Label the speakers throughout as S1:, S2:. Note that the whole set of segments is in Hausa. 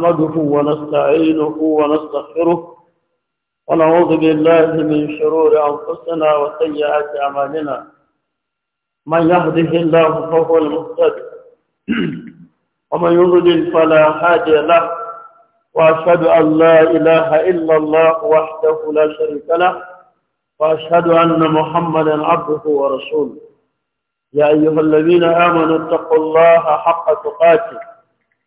S1: نحمده ونستعينه ونستغفره ونعوذ بالله من شرور أنفسنا وسيئات أعمالنا من يهده الله فهو المهتد ومن يضلل فلا هادي له وأشهد أن لا إله إلا الله وحده لا شريك له وأشهد أن محمدا عبده ورسوله يا أيها الذين آمنوا اتقوا الله حق تقاته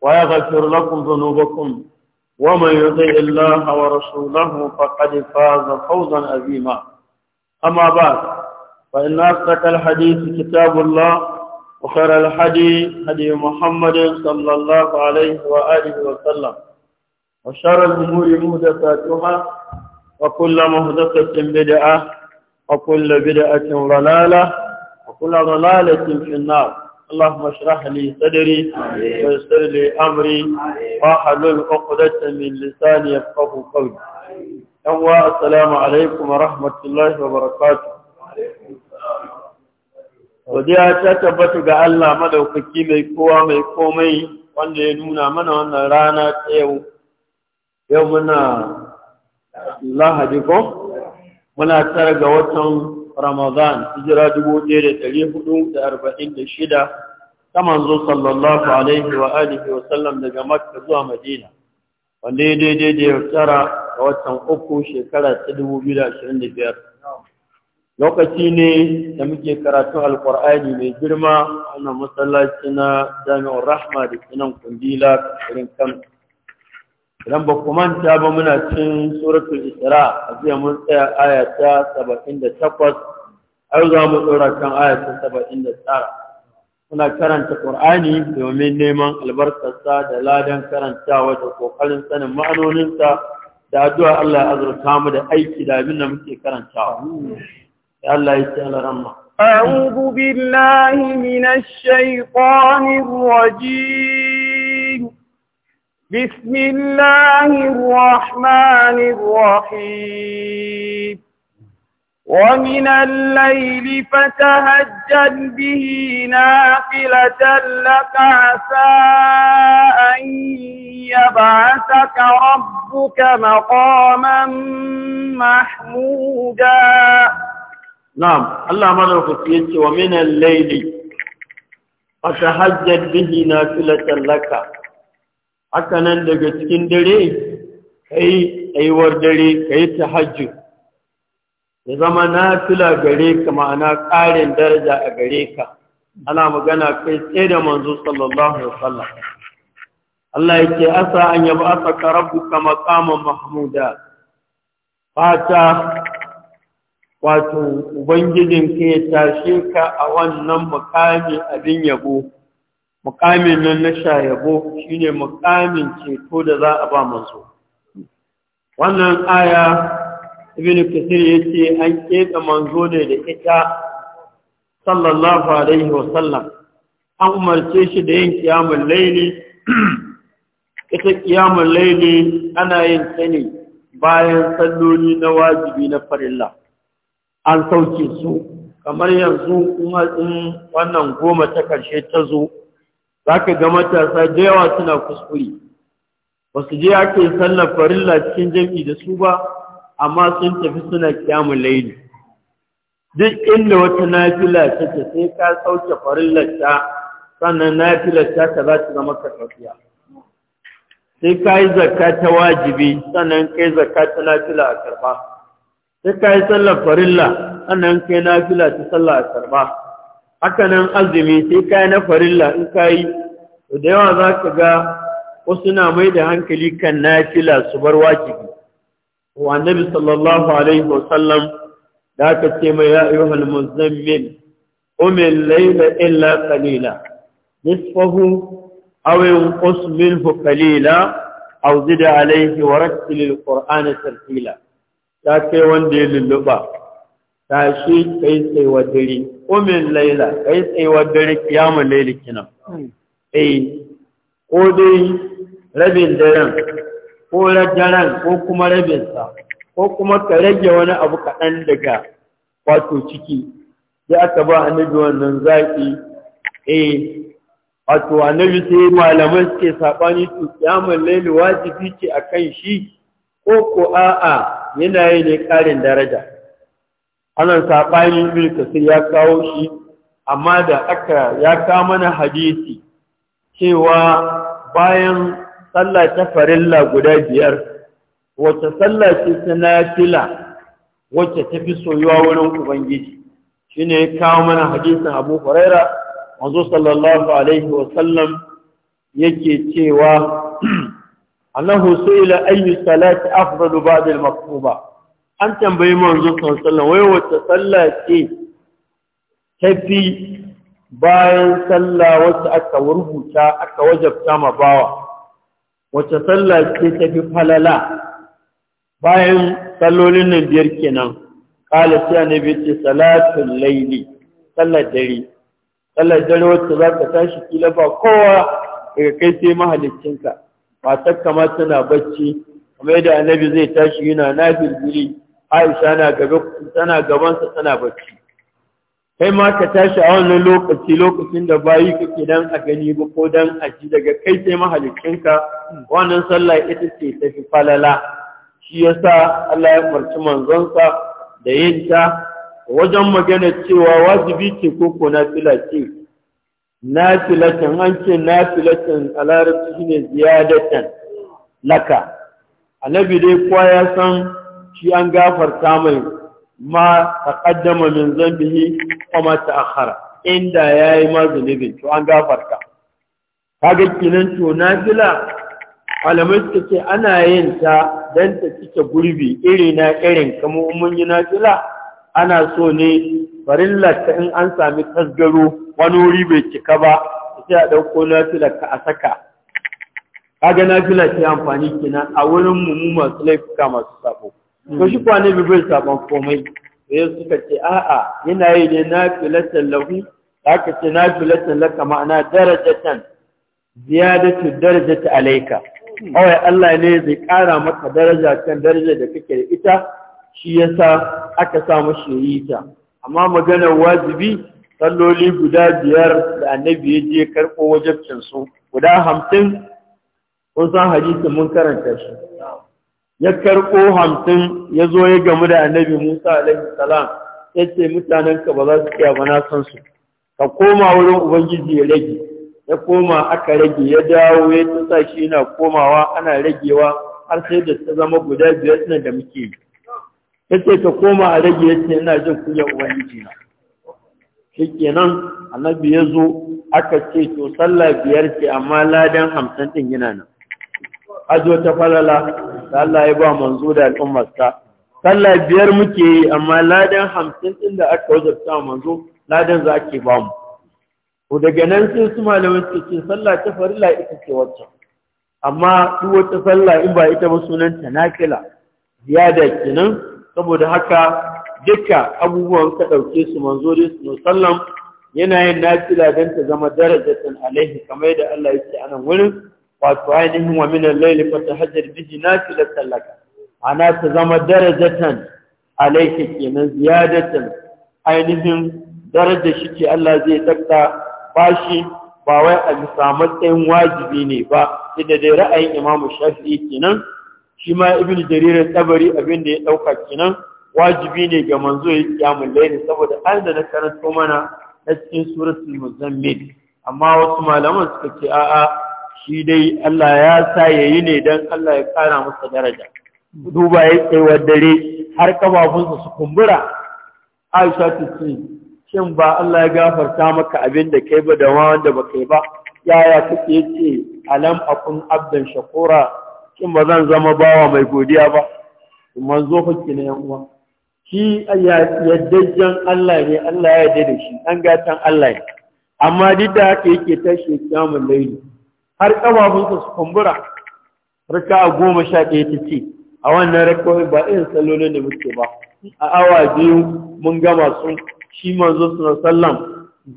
S1: ويغفر لكم ذنوبكم ومن يطع الله ورسوله فقد فاز فوزا عظيما أما بعد فإن أصدق الحديث كتاب الله وخير الحديث هدي محمد صلى الله عليه وآله وسلم وشر الأمور مهدفاتها وكل مهدفة بدعة وكل بدعة ضلالة وكل ضلالة في النار اللهم اشرح لي صدري ويسر لي أمري واحلل عقدة من لساني يفقه قولي أهوى السلام عليكم ورحمة الله وبركاته
S2: Wadiya ta
S1: tabbata ga Allah madaukaki mai kowa mai komai wanda ya nuna mana wannan rana ta yau, yau muna lahadi ko? Muna tara ga watan Ramadan hijira 1446 ta manzo sallallahu alaihi wa wa sallam daga Makka zuwa Madina wanda ya daidai da ya tara a watan uku shekara ta 2025 lokaci ne da muke karatun alkur'ani mai girma wannan masallaci na jami'ar rahma da kinan kundila irin kan idan ba ku manta ba muna cin suratul isra a jiya mun tsaya aya ta 78 yau za mu kan ayatun saba'in da tsara muna karanta ƙur'ani domin neman albarkarsa da ladan karantawa da ƙoƙarin sanin ma'anoninsa da addu'a Allah ya azurta mu da aiki da abin da muke karantawa ya Allah ya ce ramma.
S2: أعوذ بالله من الشيطان الرجيم بسم الله الرحمن ومن الليل فتهجد به نافلة لك عسى أن يبعثك ربك مقاما محمودا
S1: نعم الله ملوك يتي ومن الليل فتهجد به نافلة لك أكنا لك daga أي أي وردري أي تهجد ya zama na tula gare ka ma'ana ƙarin daraja a gare ka ana magana kai tsaye da manzo sallallahu alaihi wasallam Allah yake asa an yaba asaka rabbuka maqaman mahmuda fata wato ubangijin ka ya tashe ka a wannan makami abin yabo mukamin nan na sha yabo shine mukamin ceto da za a ba manzo wannan aya ibn kasir yace an keta manzo ne da ita sallallahu alaihi wa sallam an umarce shi da yin kiyamul laili ita kiyamul laili ana yin ta ne bayan salloli na wajibi na farilla an sauke su kamar yanzu kuma in wannan goma ta karshe ta zo zaka ga matasa da yawa suna kuskure ba su je ake sallar farilla cikin jam'i da su ba amma sun tafi suna kyamun laili duk inda wata nafila ta ce sai ka sauke farillarta sannan nafilarta ta za ta zama karfafiya sai ka yi zakka ta wajibi sannan kai zakka ta nafila a karba sai ka yi sallar farilla sannan kai nafila ta sallah a karba haka nan azumi sai ka yi na farilla in ka yi da yawa za ka ga wasu na mai da hankali kan nafila su bar wajibi wa annabi sallallahu alaihi wasallam da aka ce mai ya ayyuhal muzammil al layla illa qalila nisfahu aw yanqus minhu qalila aw zid alayhi wa rattil alqur'ana tartila ta kai wanda ya lulluba tashi kai wa dare al layla kai wa dare kiyamul layli kina hmm. eh ko dai rabin daren ko daren ko kuma rabinsa ko kuma ka rage wani abu kaɗan daga wato ciki sai aka ba annabi wannan zaƙi eh wato annabi sai malaman suke saɓani su kiyamar laili wajibi ce a kan shi ko ko a'a yana yi ne ƙarin daraja ana saɓani ibn kasir ya kawo shi amma da aka ya kawo mana hadisi cewa bayan sallah ta farilla guda biyar wacce sallah ce ta nafila wacce ta fi soyuwa wurin ubangiji shine ya kawo mana hadisin abu huraira manzo sallallahu alaihi wa sallam yake cewa annahu su'ila ayyu salati afdalu ba'da al-maktuba an tambayi manzo sallallahu alaihi wa sallam wai wacce sallah ce ta fi bayan sallah wacce aka rubuta aka wajabta ma bawa wacce sallah ce ta fi falala bayan sallolin nan biyar kenan kala sai annabi ce salatul laili sallar dare sallar dare wacce za ka tashi kila ba kowa daga kai sai mahaliccinka matar kama tana bacci kuma yadda annabi zai tashi yana nafil guri aisha na gaban sa tana bacci kai ma ka tashi a wannan lokaci lokacin da bayi kake dan a gani ba ko dan a ji daga kai sai mahalicinka wannan sallah ita ce ta fi falala shi yasa Allah ya farci manzonsa da yin ta wajen magana cewa wajibi ce ko ko nafila ce nafilatin an ce nafilatin a larabci shine ziyadatan laka annabi dai kowa ya san shi an gafarta mai ma taqaddama min zambihi wa ma ta'akhkhara inda yayi ma zunubin to an gafarta kaga kinan to nafila alamai suka ce ana yin ta dan ta cike gurbi iri na irin kamar mun yi nafila ana so ne farilla lakka in an sami tasgaro wani wuri bai cika ba sai a dauko nafila ka a saka kaga nafila ke amfani kenan a wurin mu masu laifuka masu sabo ko shi kwane bi bai saban komai sai suka ce a'a yana yi ne na filatan lahu aka ce na filatan laka ma'ana darajatan ziyadatu darajata alaika kawai Allah ne zai ƙara maka daraja kan daraja da kake da ita shi yasa aka sa mashi amma maganar wajibi salloli guda biyar da annabi ya je karɓo wajabcin su guda hamsin kun san hadisin mun karanta shi ya karɓo hamsin ya zo ya gamu da annabi Musa alaihi salam ya ce mutanenka ba za su iya ba na san su ka koma wurin ubangiji ya rage ya koma aka rage ya dawo ya tsa shi yana komawa ana ragewa har sai da ta zama guda biyar nan da muke yi ya ce ka koma a rage ya ce ina jin kunya ubangiji na shi kenan annabi ya zo aka ce to sallah biyar ce amma ladan hamsin ɗin yana nan ajo ta falala da Allah ya ba manzo da al'ummarsa sallah biyar muke yi amma ladan hamsin din da aka wajabta manzo ladan za ake ba mu ko daga nan sai su malaman su ce sallah ta farilla ita ce wacce amma duk wata sallah in ba ita ba sunan ta nafila ziyada kenan saboda haka duka abubuwan ka ɗauke su manzo dai su sallam yana yin nafila don ta zama darajatan alaihi kamar yadda Allah ya ce a wurin wato ainihin wa min al-layli fatahajjar bihi nafilatan laka ana ta zama darajatan alayka kenan ziyadatan ainihin daraja shi ce Allah zai dakka bashi ba wai a bisa matsayin wajibi ne ba inda dai ra'ayin Imam Shafi'i kenan shi ma Ibn Jarir Tabari abin da ya dauka kenan wajibi ne ga manzo ya kiyamu layli saboda ayin da na karanto mana na cikin suratul muzammil amma wasu malaman suka ce a'a shi dai Allah ya sa ya yi ne don Allah ya kara masa daraja duba ya tsayuwar dare har kafafunsa su kumbura aisha ta shin ba Allah ya gafarta maka abin da kai ba da wanda ba kai ba yaya kuke ce alam akun abdan shakura shin ba zan zama bawa mai godiya ba manzo zo kina yan uwa shi yaddajen Allah ne Allah ya yarda da shi an gatan Allah ne amma duk da haka yake tashi kyamun laili har ƙafafunsa su kumbura raka a goma sha ɗaya ta ce a wannan rakawai ba irin sallolin da muke ba a awa biyu mun gama sun shi manzo suna sallam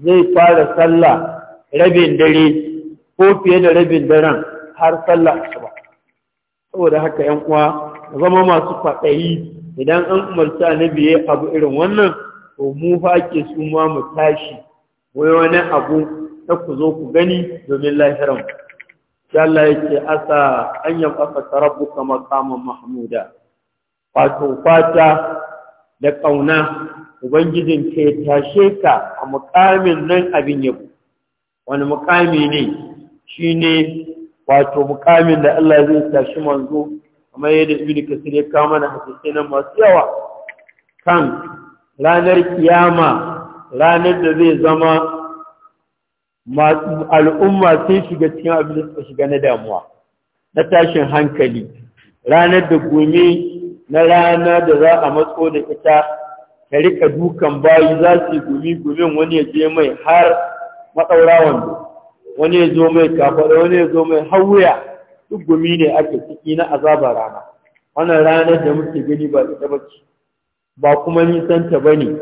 S1: zai fara sallah rabin dare ko fiye da rabin daren har sallah asuba saboda haka yan uwa zama masu faɗayi idan an umarci annabi ya abu irin wannan to mu fa ake su ma mu tashi wai wani abu ta ku zo ku gani domin lahiran Allah yake asa kanyan aka rabbuka maqaman mahmuda wato fata da kauna ubangijin ke tashe ka a mukamin nan abin yabo wani mukami ne shine wato mukamin da Allah zai tashi manzo kamar yadda ibnu Kasir ya kawo mana hadisi nan masu yawa kan ranar kiyama ranar da zai zama al'umma sun shiga cikin abin da suka shiga na damuwa na tashin hankali ranar da gome na rana da za a matso da ita ka rika dukan bayi za su yi gumi gumin wani ya je mai har matsaura wando wani ya zo mai kafaɗa wani ya zo mai hauya duk gumi ne ake ciki na azaba rana wannan ranar da muke gani ba ita ba ce ba kuma nisan ta ba ne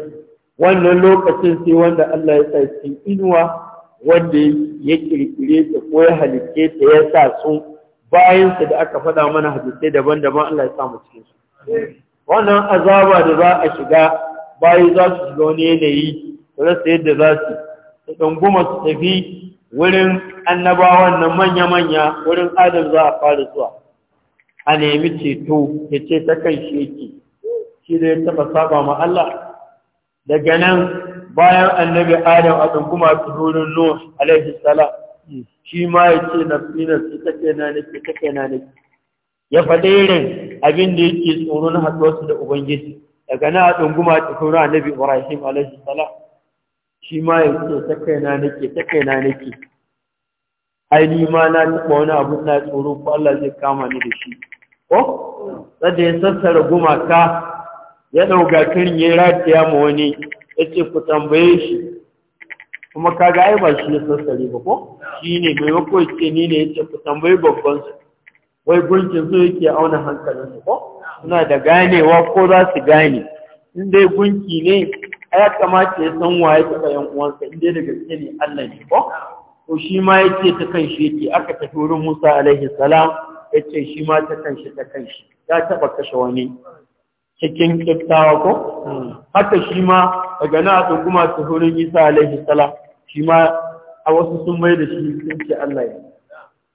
S1: wannan lokacin sai wanda Allah ya sa cikin inuwa wanda ya kirkire ta ko ya halitte ta ya sa su bayan su da aka faɗa mana hadisai daban-daban Allah ya sa mu cikin su wannan azaba da za a shiga bayi za su shiga wani yanayi rasa yadda za su ta danguma su tafi wurin annabawan nan manya-manya wurin adam za a fara zuwa a nemi ceto ya ce ta kan shi yake shi da ya taɓa saba ma Allah daga nan bayan annabi adam a kuma tsohonin nuhu, alaihi salam hmm. shi ma ya ce na nafsi nafsi kake na nake kake na nake ya faɗa irin abin da yake tsoron haɗuwarsu da ubangiji daga na ɗunguma ta tsoron annabi ibrahim alaihi salam shi ma ya ce ta kaina nake ta kaina nake ai ni ma na taɓa wani abu na tsoro ko Allah zai kama ni da shi ko sadda ya sassara gumaka ya ɗauka kirin ya rataya ma wani yace ku tambaye shi kuma kaga ai ba shi ya sassare ba ko shi ne mai mako yace ni ne yace ku tambayi babban su wai gunkin su yake auna hankalin su ko suna da ganewa ko za su gane in dai gunki ne ya kamata ya san waye suka yan uwansa in dai da gaske ne Allah ne ko ko shi ma yace ta kan shi yake aka tafi wurin Musa alaihi salam yace shi ma ta kan shi ta kan shi ya taba kashe wani cikin kiftawa ko hmm. Hata shi ma daga na haɗin kuma su hurin isa alaihi salam shi ma a wasu sun mai da shi sun ce Allah ya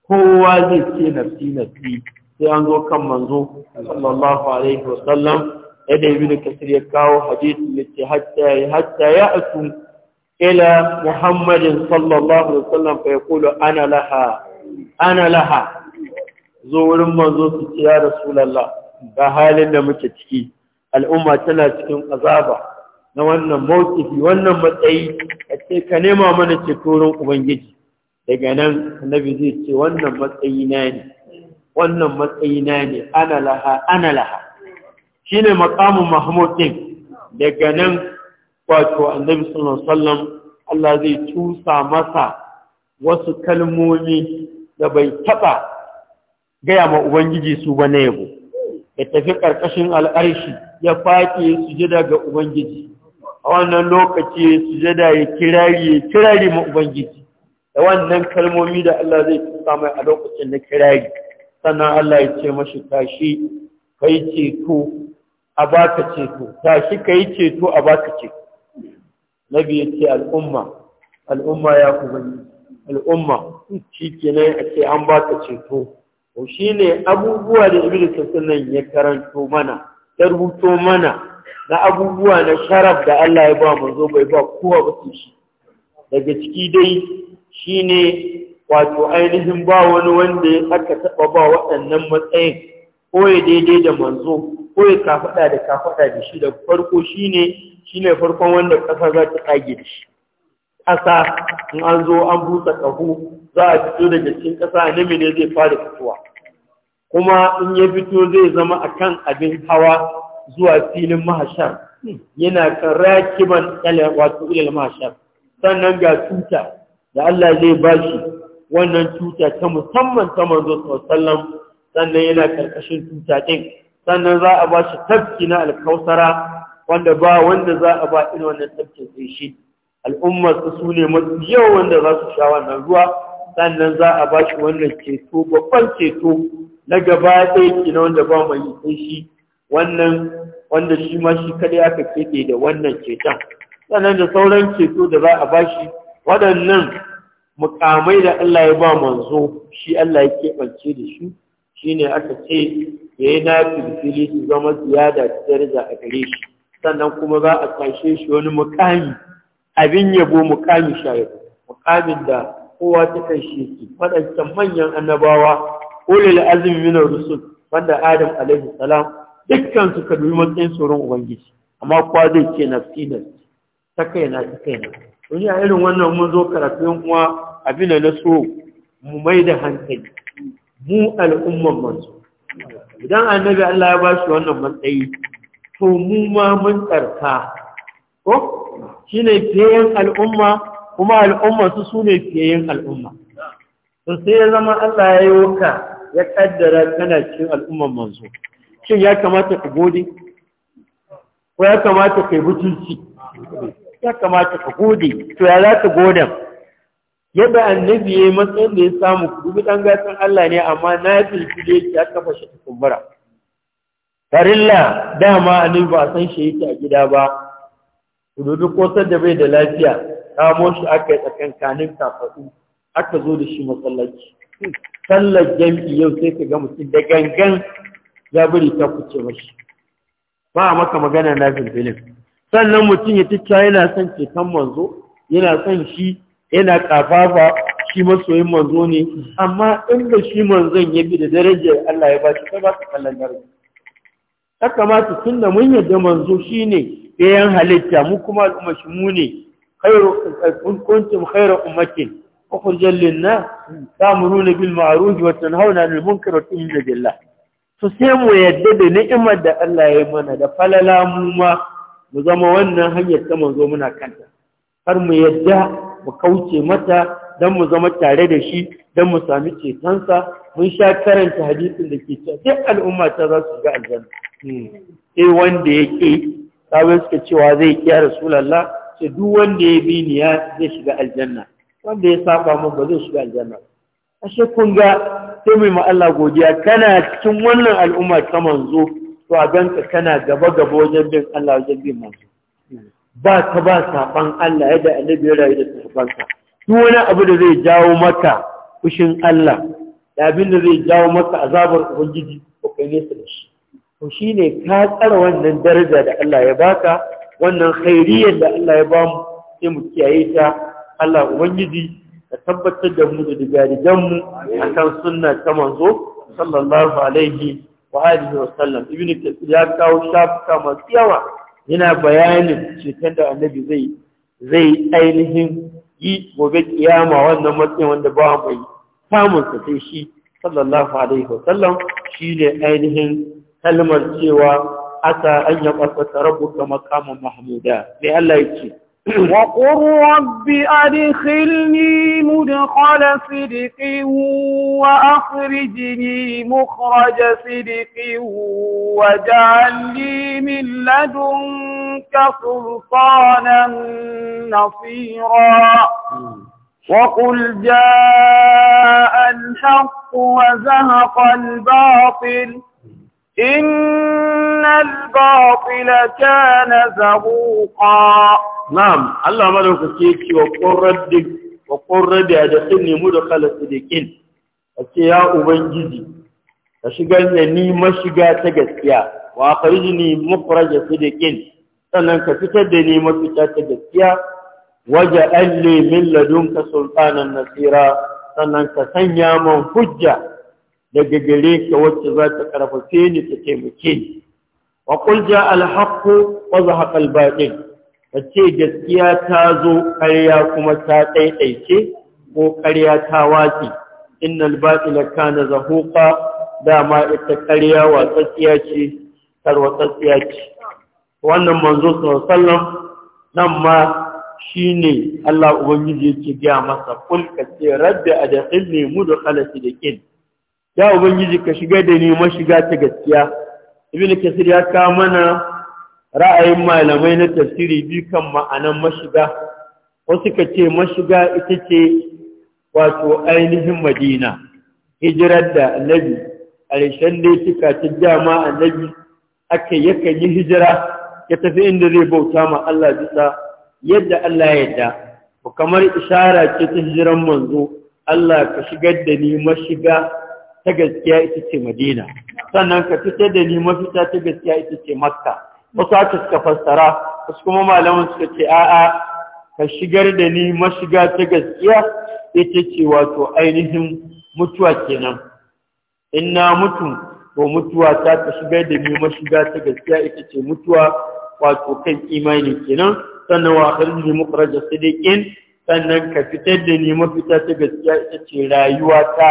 S1: kowa zai ce nafsi nafsi sai an zo kan manzo sallallahu alaihi wa sallam yadda ibnu kasir ya kawo hadisi yace hatta hatta ya asu ila muhammadin sallallahu alaihi wa sallam fa yaqulu ana laha ana laha zo wurin manzo su ce ya rasulullah ga halin da muke ciki al'umma tana cikin azaba na wannan mawkifi wannan matsayi a ce ka nema mana cetoron ubangiji daga nan annabi zai ce wannan matsayi na ne wannan matsayi na ne ana laha ana laha shine maqamun mahmud daga nan wato annabi sallallahu alaihi wasallam Allah zai cusa masa wasu kalmomi da bai taba gaya ma ubangiji su ba na yabo ya tafi ƙarƙashin al'arshi ya faƙi sujada ga Ubangiji, a wannan lokaci sujada ya kirari ya kirari ma Ubangiji, da wannan kalmomi da Allah zai fi mai a lokacin na kirari, sannan Allah ya ce mashi tashi ka yi ceto a baka ceto, tashi ka yi ceto a baka ceto. Nabi ya ce al'umma, al'umma ya Ubangiji, al'umma, shi kenan a ce an baka ceto. ko shi ne abubuwa da ibn kasir ya karanto mana ya rubuto mana na abubuwa na sharaf da Allah ya ba mu zo bai ba kowa ba su shi daga ciki dai shi ne wato ainihin ba wani wanda ya aka taɓa ba waɗannan matsayin ko ya daidai da manzo ko ya kafaɗa da kafaɗa da shi da farko shi ne shi ne farkon wanda ƙasa za ta ƙage da shi ƙasa in an zo an busa ƙahu za a fito daga cikin ƙasa nemi ne zai fara fitowa kuma in ya fito zai zama a kan abin hawa zuwa filin mahashar yana kan rakiban wato ilil mahashar sannan ga tuta da Allah zai ba shi wannan tuta ta musamman ta manzo sallam sannan yana karkashin tuta din sannan za a ba shi tafki na alkausara wanda ba wanda za a ba irin wannan tafkin sai shi al'ummar su su ne mafi yau wanda za su sha wannan ruwa sannan za a ba wannan ceto babban ceto na gaba ɗaya ke na wanda ba mai yi shi wannan wanda shi ma shi kaɗai aka keɓe da wannan ceton sannan da sauran ceto da za a ba waɗannan mukamai da Allah ya ba manzo shi Allah ya keɓance da shi shi ne aka ce ya yi na filfili su zama ziyada ta daraja a gare shi sannan kuma za a kashe shi wani mukami abin yabo mukamin shayar mukamin da kowa ta kai shi ke waɗancan manyan annabawa ulil azumi min rusul wanda adam alaihi salam dukkan su ka dubi matsayin tsoron ubangiji amma kowa zai ce na nafsi ta kai na ta na wani a irin wannan mun zo karatu yan kuma abin da na so mu mai da hankali mu al'umman manzo idan annabi Allah ya ba shi wannan matsayi to mu ma mun tsarka ko shi ne fiyayen al'umma kuma al'umma su sune ne fiyayen al'umma to sai ya zama Allah ya yi waka ya kaddara kana cikin al'umman manzo shin ya kamata ka gode ko ya kamata ka yi butulci ya kamata ka gode to ya za ka godan yadda annabi ya yi matsayin da ya samu ku dubi ɗan gasan Allah ne amma na filfi da yake ya kafa shi kumbura farilla dama annabi ba a san shi yake a gida ba domin kosar da bai da lafiya kamo shi aka yi tsakankanin kafaɗu aka zo da shi masallaci sallar jam'i yau sai ka ga mutum da gangan ya bari ta kuce mashi ba maka magana na filfilin sannan mutum ya ticca yana son ceton manzo yana son shi yana kafafa shi masoyin manzo ne amma inda shi manzon ya bi da darajar Allah ya ba shi sai ba su kallon daraja ya kamata tun da mun yadda manzo shine. ne ɗayan halitta mu kuma al'umma shi mu ne kuntum khairu ummatin ukhrijal linnas ta'muruna bil ma'ruf wa tanhauna 'anil munkari wa tu'minuna billah to sai mu yadda da ni'imar da Allah ya mana da falala mu ma mu zama wannan hanyar ta manzo muna kanta har mu yadda mu kauce mata dan mu zama tare da shi dan mu sami cetonsa mun sha karanta hadisin da ke cewa sai al'umma ta za su ga aljanna eh wanda yake sabai suka cewa zai kiya rasulallah sai duk wanda ya bi ni ya zai shiga aljanna wanda ya saba mun ba zai shiga aljanna ashe kun ga sai mai ma Allah godiya kana cikin wannan al'umma ta manzo to a ganka kana gaba gaba wajen bin Allah wajen bin manzo ba ka ba saban Allah yadda annabi ya rayu da sabanka duk wani abu da zai jawo maka fushin Allah da abin da zai jawo maka azabar ubangiji ko kai nesa da shi to ne ka tsara wannan daraja da Allah ya baka wannan khairiyyar da Allah ya bamu sai mu kiyaye ta Allah ubangiji ka tabbatar da mu da digarigan mu akan sunna ta manzo sallallahu alaihi wa alihi wa sallam ibn kathir ya kawo shafuka masu yawa yana bayanin cikin da annabi zai zai ainihin yi gobe kiyama wannan matsayin wanda ba mai samun sa sai shi sallallahu alaihi wa sallam ne ainihin kalmar cewa asa an ya ƙarfata rabuka makaman
S2: mahmuda mai Allah ya ce وقل رب أدخلني مدخل صدق وأخرجني مخرج صدق واجعل لي من لدنك سلطانا نصيرا وقل جاء الحق وزهق الباطل Inna al-bafila kana zabuqa.
S1: Naam, Allah madaukake ki wa qurradi wa qurradi da sunni mudkhala sidikin. Ake ya ubangiji. Ka shiga ni mashiga ta gaskiya wa akhrijni mukhraja sidikin. Sannan ka fitar da ni mafita ta gaskiya waja alli min ladunka sultanan nasira. Sannan ka sanya man hujja daga gare ka wacce za ta karfafe ni ta taimake ni wa qul ja al haqq wa zahaqa al batil kace gaskiya ta zo ƙarya kuma ta ɗaiɗaice ko ƙarya ta wace innal batil kana zahuqa dama ita ƙarya watsatsiya ce tarwatsatsiya ce wannan manzo sallallahu nan ma shine Allah Ubangiji yake gaya masa kulka ce rabbi a da ilmi ya ubangiji ka shiga da ni mashiga ta gaskiya ibnu kasir ya ka mana ra'ayin malamai na tafsiri bi kan ma'anan mashiga wasu ka ce mashiga ita ce wato ainihin madina hijirar da annabi a rishen da suka ta dama annabi aka yakan yi hijira ya tafi inda zai bauta ma Allah bisa yadda Allah ya yarda kamar ishara ce ta hijiran manzo Allah ka shigar da ni mashiga ta gaskiya ita ce madina sannan ka fitar da ni mafita ta gaskiya ita ce makka wasu aka suka fassara wasu kuma malaman suka ce a'a ka shigar da ni mashiga ta gaskiya ita ce wato ainihin mutuwa kenan in na mutu ko mutuwa ta ka shigar da ni mashiga ta gaskiya ita ce mutuwa wato kan imani kenan sannan wa arziki mukhraja sidiqin sannan ka fitar da ni mafita ta gaskiya ita ce rayuwa ta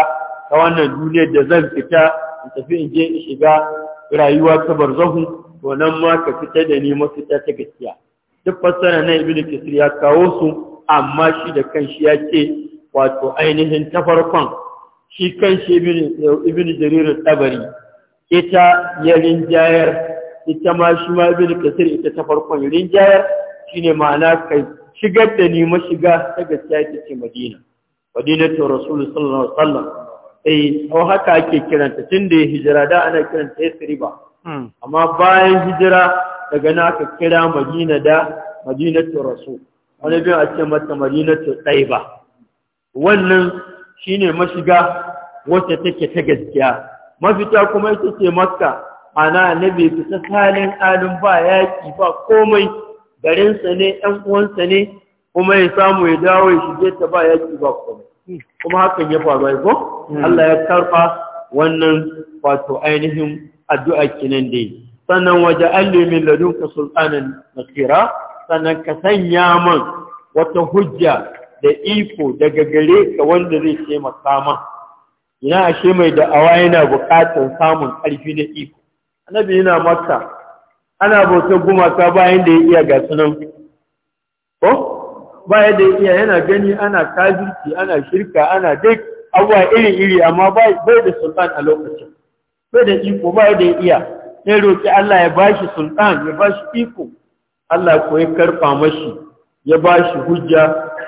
S1: ta wannan duniyar da zan fita in tafi in je in shiga rayuwa ta barzahu to nan ma ka fita da ni mafita ta gaskiya duk fassara na ibn kisri ya kawo su amma shi da kanshi ya ce wato ainihin ta farkon shi kanshi ibn jarir tabari ita ya rinjayar ita ma shi ma ibn kisri ita ta farkon rinjayar shine ma'ana kai shigar da ni mashiga ta gaskiya ita ce madina madinatu rasulullahi sallallahu alaihi wasallam eh ko haka ake kiranta Tunda ya hijira da ana kiranta Yasriba hmm. amma bayan hijira daga na aka kira Madina da Madinatu Rasul wani bin a ce mata Madinatu ba. wannan shine mashiga wacce take ta gaskiya mafita kuma ita ce Makka ana annabi fita salin alin ba yaki ba komai garinsa ne ɗan uwansa ne kuma ya samu ya dawo ya shige ta ba yaki ba komai kuma hakan ya faru ai ko hmm. Allah ya karfa wannan wato ainihin addu'a kinan dai sannan waje alli min ladunka sultanan nasira sannan ka sanya man wata hujja da iko daga gare ka wanda zai taimaka ma. ina ashe mai da'awa yana buƙatar samun ƙarfi na iko annabi yana maka. ana bautar gumaka bayan da ya iya gasu nan. ko ba ya da iya yana gani ana kafirci ana shirka ana dai abuwa iri-iri amma bai da sultan a lokacin bai da iko ya da iya ya roƙi Allah ya bashi sultan ya bashi iko Allah ko ya karfa mashi ya bashi hujja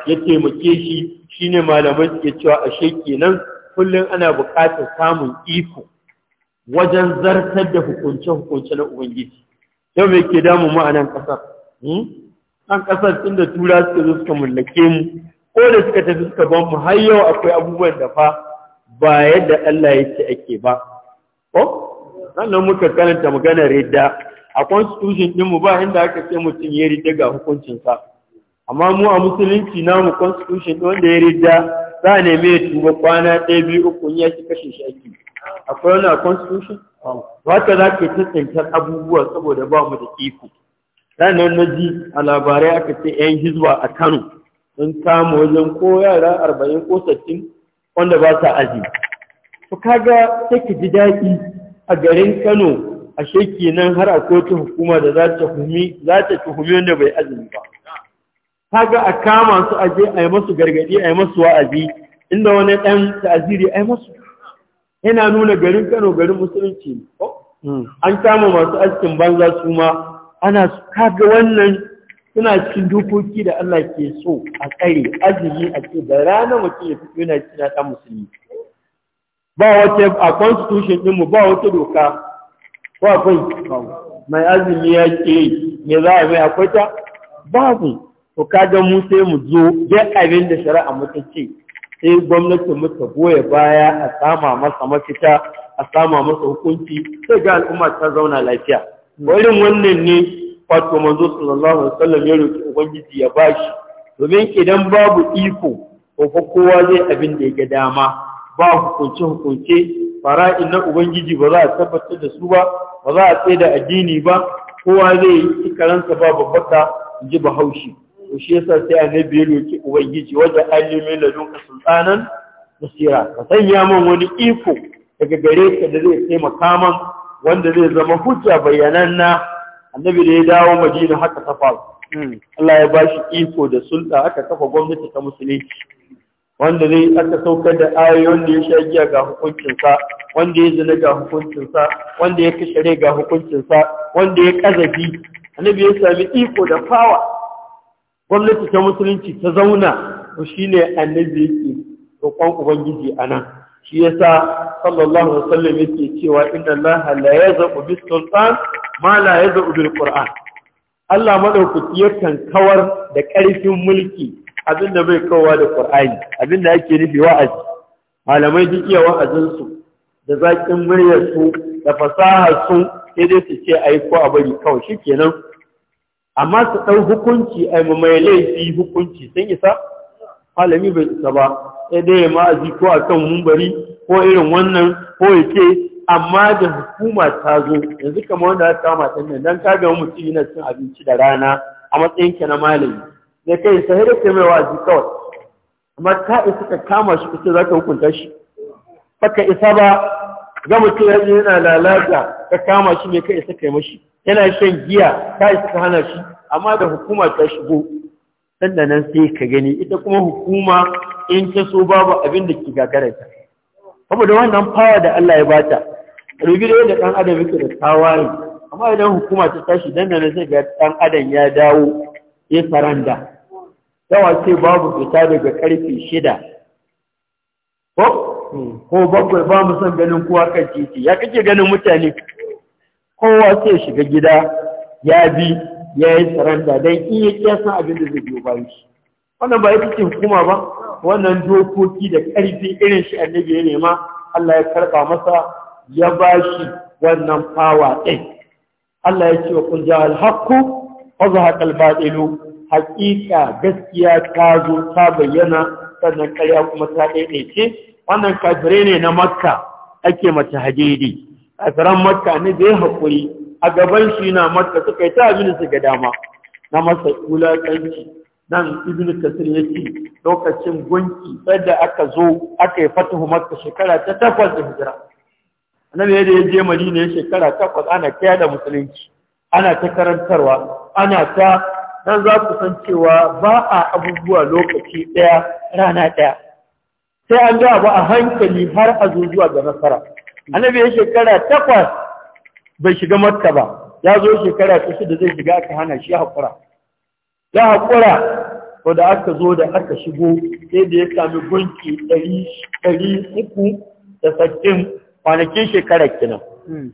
S1: ya taimake shi shi ne malamai suke cewa ashe nan kullum ana buƙatar samun iko wajen zartar da hukunce-hukunce na Ubangiji. Yau mai ke damu ma'anan ƙasar? Hmm? kan ƙasar inda tura suka zo suka mallake mu ko da suka tafi suka ban mu har yau akwai abubuwan da fa ba yadda Allah ya ce ake ba ko sannan muka karanta maganar ridda a constitution din mu ba inda aka ce mutum ya ridda ga hukuncin sa amma mu a musulunci namu constitution din wanda ya ridda za a neme ya tuba kwana ɗaya biyu uku ya ci kashe shi ake akwai wani a constitution ba ta za ka yi abubuwa saboda ba mu da iko ranar na ji a labarai aka ce 'yan hizba a kano sun kama wajen ko yara arba'in ko sattin wanda ba sa aji to kaga take ji daɗi a garin kano a sheki nan har a kotun hukuma da za ta tuhumi za ta tuhumi wanda bai azumi ba kaga a kama su aje a yi masu gargaɗi a yi masu wa'azi inda wani ɗan ta'aziri a yi masu yana nuna garin kano garin musulunci hmm. an kama masu askin banza su ma ana kaga wannan suna cikin dokoki da Allah ke so a kare azumi a ce da rana mutum ya fito yana cikin ɗan musulmi ba wata a constitution din mu ba wata doka ko akwai mai azumi ya ke me za a mai akwai ta babu to kaga mu sai mu zo duk abin da shari'a mu ce sai gwamnatin mu goya baya a sama masa mafita a sama masa hukunci sai ga al'umma ta zauna lafiya wurin wannan ne wato manzo sallallahu alaihi wasallam ya roki ubangiji ya bashi domin idan babu iko ko fa kowa zai abin da yake dama ba hukunce hukunce fara'in na ubangiji ba za a tabbatar da su ba ba za a tsaye da addini ba kowa zai yi karanta ba babbaka in ji bahaushe to shi yasa sai annabi ya roki ubangiji wajen alimin ladunka sultanan basira ka sanya man wani iko daga gare ka da zai taimaka man wanda zai zama hujja bayyananna annabi da ya dawo madina haka ta Allah ya bashi iko da sulta aka kafa gwamnati ta musulunci wanda zai aka saukar da ayoyi wanda ya sha giya ga sa wanda ya zina ga sa wanda ya kashe ga ga sa wanda ya kazafi annabi ya sami iko da fawa gwamnati ta musulunci ta zauna to shine annabi yake roƙon ubangiji anan shi yasa sallallahu alaihi wasallam yake cewa inna allaha la yazqu bis sultan ma la yazqu bil qur'an Allah madaukaki yakan kawar da karfin mulki abinda bai kawwa da qur'ani abinda yake nufi wa'azi malamai duk iya wa'azin su da zakin muryar su da fasaha su sai dai su ce ai ko a bari kawai shikenan amma su dau hukunci ai mai laifi hukunci sun isa malami bai isa ba ya daya ma'azi ko a kan mumbari ko irin wannan ko ya ce amma da hukuma ta zo yanzu kamar wanda ya kama ta nan dan kaga mutum yana cin abinci da rana a matsayin ka na malami sai kai sai da kai mai wazi kawai amma ka isa ka kama shi za zaka hukunta shi baka isa ba ga mutum yana lalata ka kama shi me kai isa ka kai mashi yana shan giya ka isa ka hana shi amma da hukuma ta shigo sannan nan sai ka gani ita kuma hukuma in ta so babu abin da ke gagararta da wannan fawa da Allah ya bata rubi da yadda ɗan adam yake da tawaye amma idan hukuma ta tashi dan nan sai ga ɗan adam ya dawo ya saranda yawa sai babu fita daga karfe shida ko ko bakwai ba mu son ganin kowa kan titi ya kake ganin mutane kowa sai shiga gida ya bi ya yi saranda don in ya kiyasa abin da zai biyo bayan shi wannan ba yi ce hukuma ba wannan dokoki da ƙarfi irin shi annabi ya nema Allah ya karɓa masa ya ba shi wannan fawa ɗin Allah ya ce wa kun ja alhaqqu wa zahaqa albatilu Hakika gaskiya ta zo ta bayyana sannan karya kuma ta ɗaiɗaice wannan kafirai ne na makka ake mata A tsaron makka ne zai haƙuri a gaban shi na maka suka yi ta abin su ga dama na masa wulaƙanci nan ibn kasir ya ce lokacin gunki sadda aka zo aka yi fatahu maka shekara ta takwas da hijira annabi yadda ya je madina ya shekara takwas ana kaya da musulunci ana ta karantarwa ana ta nan za ku san cewa ba a abubuwa lokaci ɗaya rana ɗaya sai an ga abu a hankali har a zuwa ga nasara annabi ya shekara takwas bai shiga matka ba ya zo shekara ta da zai shiga aka hana shi ya haƙura ya haƙura wadda aka zo da aka shigo sai da ya sami gunki ɗari uku da kwanakin shekarar kinan hmm.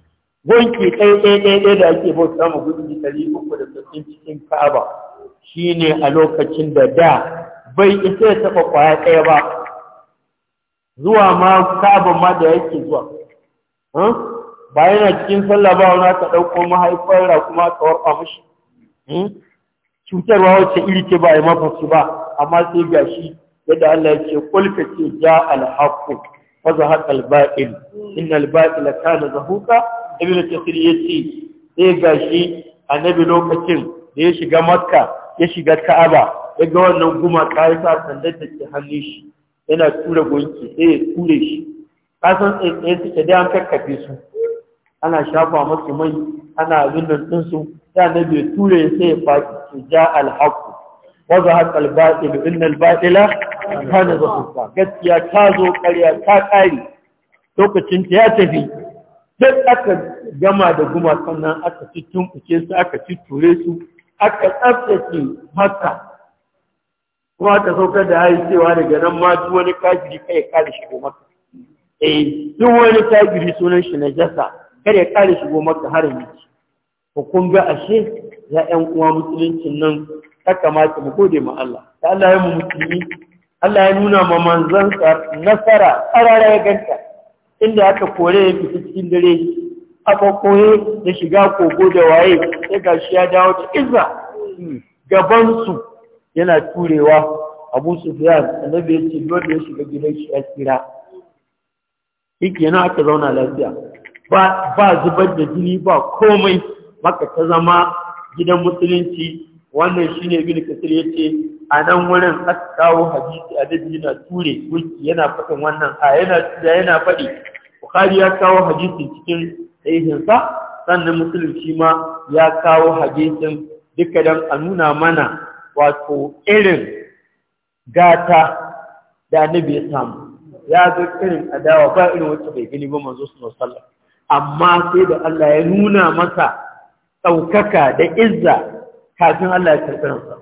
S1: gunki ɗai-ɗai-ɗai da ake bauta ma gunki ɗari uku da shi cikin a lokacin da da bai isa ya taɓa kwaya ɗaya ba zuwa ma ka'aban ma da yake zuwa hmm? ba yana cikin sallah ba wani aka ɗauko mahaifar da kuma aka warɓa mashi hmm? cutarwa wacce iri ce ba a yi mafarki ba amma sai ga shi yadda Allah ya ce kulka ce ja alhaqqu fa zahaq albatil inna albatila kana zahuqa ibnu kasir ce sai ga shi annabi lokacin da ya shiga makka ya shiga ka'aba ya ga wannan guma kai sa sandar da ke shi yana tura gunki sai ya ture shi kasan tsaye suke da an kakkafe su ana shafa masu mai ana abin nan su ya na ya ture sai ya su ja alhaku wadda haka albaɗil inna albaɗila na zafi kusa gaskiya ta zo karya ta ƙari lokacin ta ya tafi duk aka gama da guma sannan aka cuttunkuce su aka ture su aka tsaftace maka kuma aka saukar da hari cewa daga nan ma duk wani kafiri kai ya kare shi ko maka eh duk wani kafiri sunan shi na jasa kada ya kare shigo maka harami ko kun ga ashe ya ɗan uwa musulunci nan ta kamata mu gode ma Allah ta Allah ya mu musulmi Allah ya nuna ma sa nasara karara ya ganta inda aka kore ya fita cikin dare aka koye da shiga kogo da waye sai gashi ya dawo da izza gaban su yana turewa abu Sufyan annabi ya ce dole ya shiga gidan shi ya kira. shi kenan aka zauna lafiya ba zubar da jini ba komai maka ta zama gidan musulunci wannan shi bin kasar kasir ce. a nan wurin aka kawo hadisi annabi yana ture gunki yana faɗin wannan a yana tura yana faɗi bukari ya kawo hadisi cikin sahihin sa sannan musulunci ma ya kawo hadisin duka dan a nuna mana wato irin gata da annabi ya samu ya ga irin adawa ba irin wacce bai gani ba manzo sallallahu alaihi amma sai da Allah ya nuna masa ɗaukaka da izza kafin Allah ya karɓi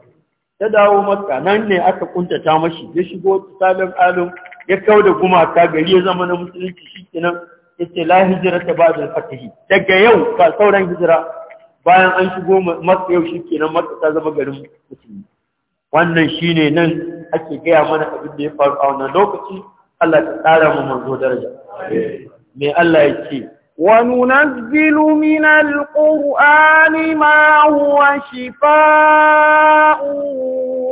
S1: ta dawo maka nan ne aka kuntata mashi ya shigo salin alim ya kau da gumaka gari ya zama na musulunci nan, ya ce la hijira ta ba'da fatahi daga yau ba sauran hijira bayan an shigo maka yau nan, maka ta zama garin musulmi wannan shine nan ake gaya mana abin da ya faru a wannan lokaci Allah ta tsara mu manzo daraja me Allah ya ce
S2: وننزل من القرآن ما هو شفاء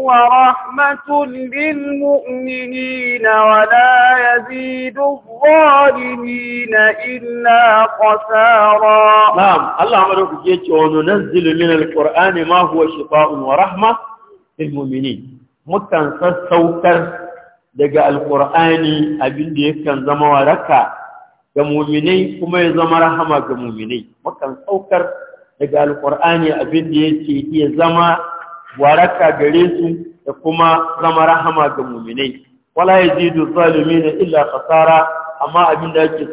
S2: ورحمة للمؤمنين ولا يزيد الظالمين إلا خسارا نعم
S1: الله عمره يجي وننزل من القرآن ما هو شفاء ورحمة للمؤمنين متنسى السوكر daga alƙur'ani abin da yakan zama waraka ga muminai kuma ya zama rahama ga muminai makan saukar daga alkur'ani abin da yake iya zama waraka gare su da kuma zama rahama ga muminai wala yazidu zalimina illa khasara amma abin da yake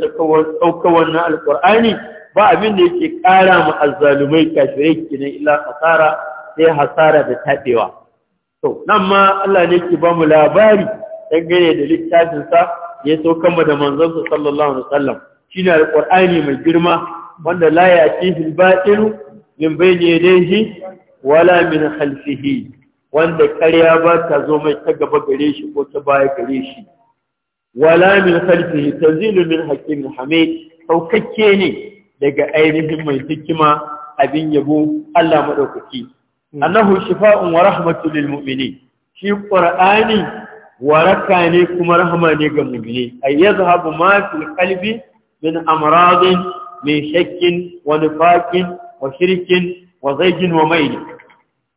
S1: sauka wannan alkur'ani ba abin da yake kara ma azzalumai kafirai kenan illa khasara sai hasara da tadewa to nan ma Allah ne yake ba mu labari dangane da littafinsa ya saukan da manzansa sallallahu alaihi wasallam shine alqur'ani mai girma wanda la ya'tihi al-batil min bayni yadayhi wala min khalfihi wanda ƙarya ba ta zo mai ta gaba gare shi ko ta baya gare shi wala min khalfihi tanzilu min hakimin hamid saukakke ne daga ainihin mai hikima abin yabo Allah madaukaki hmm. annahu shifa'un wa rahmatul lil mu'minin shi qur'ani waraka ne kuma rahama ne ga muminai. ay yazhabu ma fi qalbi min amradin min shakkin wa nifaqin wa shirkin wa zaijin wa mayl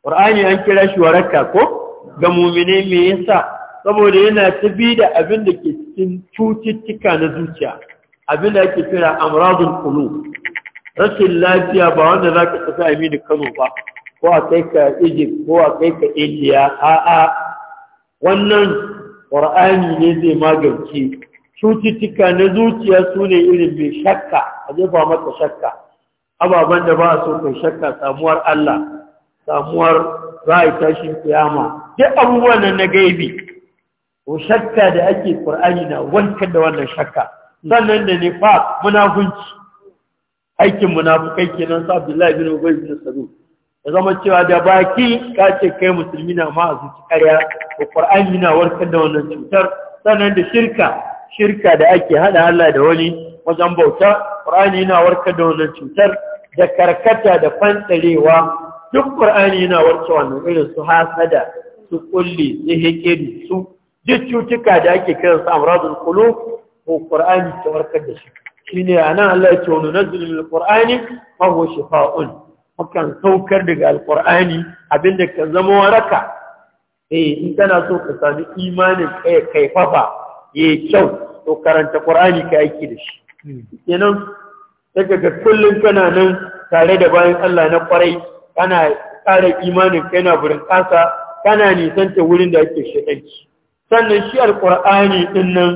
S1: qur'ani an kira shi waraka ko ga mu'mini me yasa saboda yana tabi da abin da ke cikin cututtuka na zuciya abin da ake kira amradul qulub rashin lafiya ba wanda za ka tafi Aminu Kano ba, ko a kai ka Egypt, ko a kai ka India, a'a wannan ƙwar'ani ne zai magance cututtuka na zuciya su ne irin mai shakka a jefa maka shakka ababen da ba a so kai shakka samuwar Allah samuwar ra'ayi tashin kiyama duk abubuwan nan na gaibi ko shakka da ake ƙwar'ani na wankan da wannan shakka sannan da nifa munafunci aikin munafukai kenan sa Abdullahi bin Ubay bin Salul ya zama cewa da baki ka ce kai musulmi na ma a zuci karya ko qur'ani na warkar da wannan cutar Sanan da shirka shirka da ake hada Allah da wani wajen bauta qur'ani yana warkar da wannan cutar da karkata da fantsarewa duk qur'ani yana warce wannan irin su hasada su kulli su hikiri su duk cutuka da ake su amradul qulub ko qur'ani ta warkar da shi shine anan Allah ya ce wa nunzilu qur'ani fa huwa shifaa'un hakan saukar daga alkur'ani abinda ka zama waraka eh in kana so ka sami imanin kai kaifafa yayi kyau to karanta qur'ani kai aiki da shi kenan daga ga kullun kana nan tare da bayan Allah na kwarai kana ƙara imanin kai na burin ƙasa kana nisanta wurin da yake shedanci sannan shi alkur'ani din nan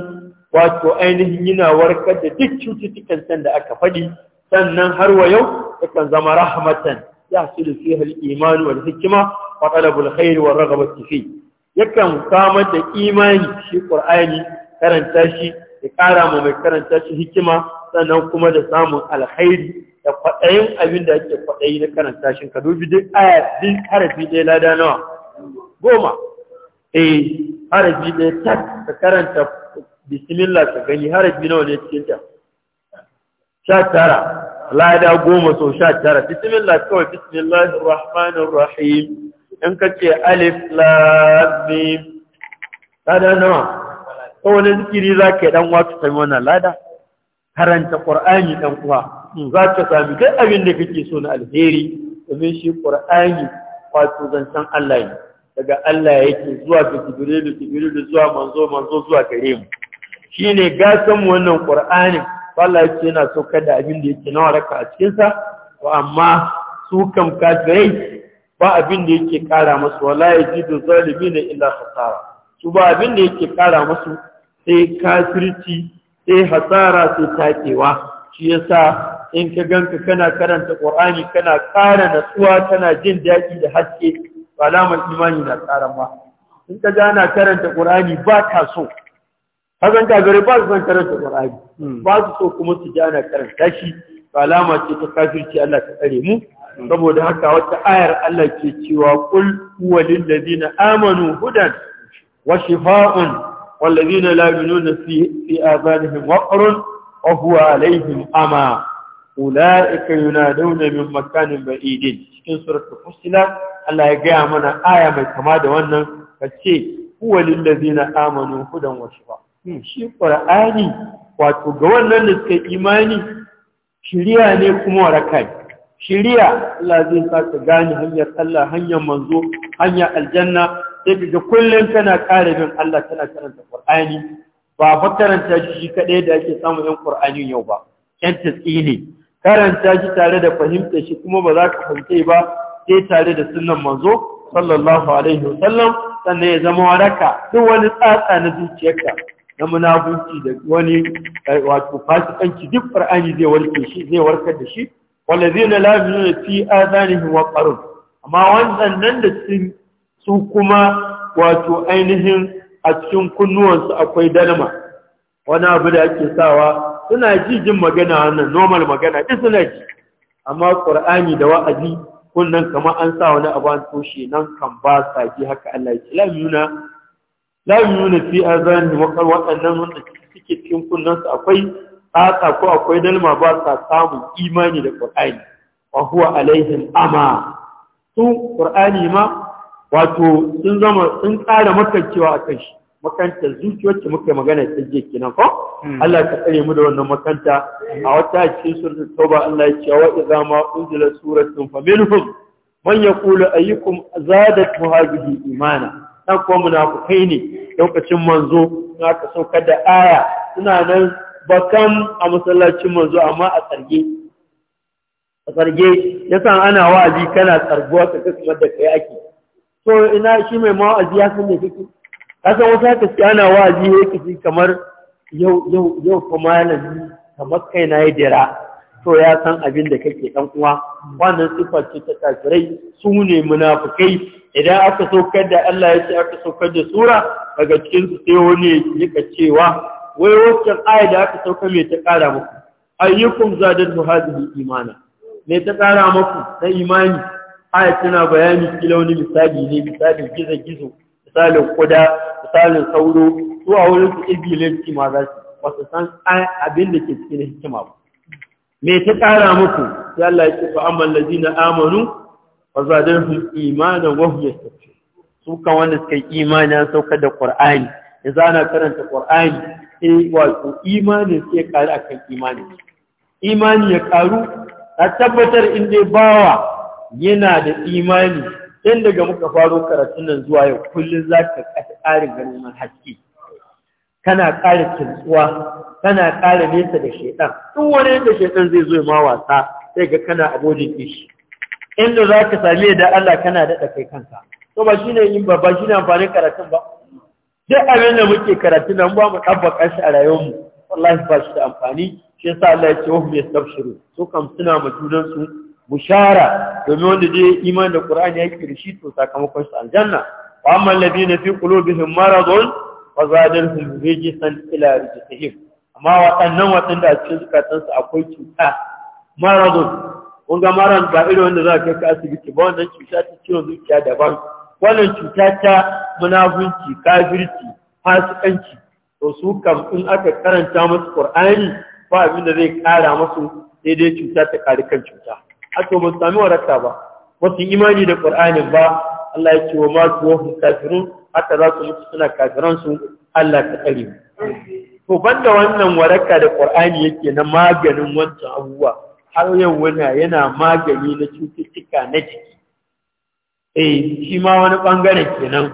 S1: wato ainihin yana warkar da duk cututtukan san da aka faɗi sannan har wa yau yakan zama rahmatan ya yahsulu fiha al-iman wal hikma wa talabul khair wa raghabati fi yakan samar da imani shi qur'ani karanta shi ya ƙara ma mai karanta shi hikima sannan kuma da samun alkhairi da kwaɗayin abin da ake kwaɗayi na karanta shi ka dubi duk aya duk harafi ɗaya lada nawa goma eh harafi ɗaya tak ka karanta bismillah ka gani harafi nawa ne cikin ta sha tara lada goma sau sha tara bismillah kawai bismillahir rahmanir rahim in ka ce alif lam mim lada nawa kowane zikiri za yi dan wata sami wannan lada karanta qur'ani dan kuwa za ka sami duk abin da kake so na alheri domin shi qur'ani wato zancen Allah ne daga Allah yake zuwa ga jibrilu jibrilu zuwa manzo manzo zuwa gare mu shine gasan wannan qur'anin Allah yake yana saukar da abin da yake na waraka a cikinsa to amma su kam kafirai ba abin da yake kara musu wala jidu zalimina illa khasara su ba abin da yake kara musu sai kafirci sai hasara sai takewa shi yasa in ka ganka kana karanta Qur'ani kana kara natsuwa kana jin daɗi da haske alamar imani na ƙara ma in ka ga ana karanta Qur'ani ba ka so hakan gare ba su san karanta qur'ani hmm. ba su so kuma su ji ana karanta shi alama ce ta kafirci Allah ta tsare mu hmm. saboda haka wata ayar Allah ke cewa qul huwa lil ladina amanu hudan wa shifaa'un wal ladina la yununa fi fi azanihim waqrun wa huwa alaihim ama ulaika yunaduna min makanin ba'idin cikin suratul fusilat Allah ya gaya mana aya mai kama da wannan kace huwa lil ladina amanu hudan wa shifaa'un Hmm, shi ƙwar'ani wato ga wannan da suka imani Shirya ne kuma warakai Shirya. Allah zai sa ka gane hanyar Allah hanyar manzo hanyar aljanna sai da kullum tana ƙara bin Allah tana karanta ƙur'ani ba fa karanta shi kaɗai da ake samun yan ƙur'ani yau ba yan tatsi ne karanta shi tare da fahimta shi kuma ba za ka fahimta ba sai tare da sunnan manzo sallallahu alaihi wasallam sannan ya zama waraka duk wani tsatsa na zuciyarka na munafunci da wani eh, wato fasikanci duk qur'ani zai warke shi zai warkar da shi wallazina la yu'minuna fi azanihi wa qarun amma wannan da sun su kuma wato ainihin a cikin kunnuwansu akwai dalma wani abu da ake sawa suna ji jin magana wannan normal magana din suna ji amma qur'ani da wa'azi kunnan kamar an sa wani abu an toshe nan kan ba sa ji haka Allah ya ce la yuna fi azani wa waɗannan wanda suke cikin kullun su akwai tsatsa ko akwai dalma ba sa samu imani da qur'ani wa huwa alaihim ama su qur'ani ma wato sun zama sun tsara makancewa akan shi makantar zuciyarci muka magana ta je kenan ko Allah ka tsare mu da wannan makanta a wata cikin suratul tauba Allah ya ce wa idza ma unzila suratun faminhum man yaqulu ayyukum zadat hadhihi imana ɗanko kuma munafukai ne lokacin manzo aka saukar da aya suna nan bakan a masallacin manzo amma a tsarge a tsarge san ana wa'azi kana tsarguwa ka kuma da yi ake to ina shi mai ma'azi ya san me Ka kasan wata kaske ana wa'azi ya yi kace kamar yau yau yau kuma yanzu kamar kai na yi dira so ya san abin da kake ɗan'uwa. uwa wannan siffar ce ta kafirai su ne munafukai idan aka saukar da Allah ya ce aka saukar da sura daga cikin su sai wani yake cewa wai wacce aya da aka sauka mai ta kara muku ayyukum zadatu hadhihi imana me ta kara muku na imani aya tana bayani kila wani misali ne misalin gizo gizo misalin kuda misalin sauro su a wurin su ibilanci ma za su wasu san abin da ke cikin hikima ba me ta kara muku sai Allah ya ce fa amman ladina amanu fazadarhum imanan wa hum yastaqim su kan wanda suka imani an sauka da qur'ani idan ana karanta qur'ani sai wato imani sai kare akan imani imani ya karu a tabbatar in dai bawa yana da imani dan daga muka faro karatun nan zuwa yau kullun zaka ƙarin ganin haske kana ƙara kintsuwa kana ƙara nesa da shedan duk wani yadda shedan zai zo ma wasa sai ga kana abojin kishi. inda za ka sami da Allah kana daɗa kai kanka to ba shi ne yin babba shi ne amfanin karatun ba duk abin da muke karatu nan ba mu ɗabbaka shi a rayuwarmu wallahi ba shi da amfani shi yasa Allah ya ce wahum yastabshiru su kam suna ma junansu bushara domin wanda je iman da Qur'ani ya da shi to sakamakon shi aljanna wa amma alladhina fi qulubihim maradun wa zadalhum rijsan ila rijsihim amma waɗannan waɗanda a cikin zukatansu akwai cuta maradun kun ga maran ba irin wanda za ka kai asibiti ba wannan cuta ta ciwon zuciya daban wannan cuta ta munafunci kafirci fasikanci to su kam in aka karanta musu qur'ani ba abin da zai kara musu daidai cuta ta kare kan cuta haka mun sami waraka ba wasu imani da qur'ani ba Allah ya ce wa ma wahu kafirun haka za su mutu suna kafiran su Allah ta kare to banda wannan waraka da qur'ani yake na maganin wancan abubuwa har yau wani yana magani na cututtuka na jiki eh shi ma wani bangare kenan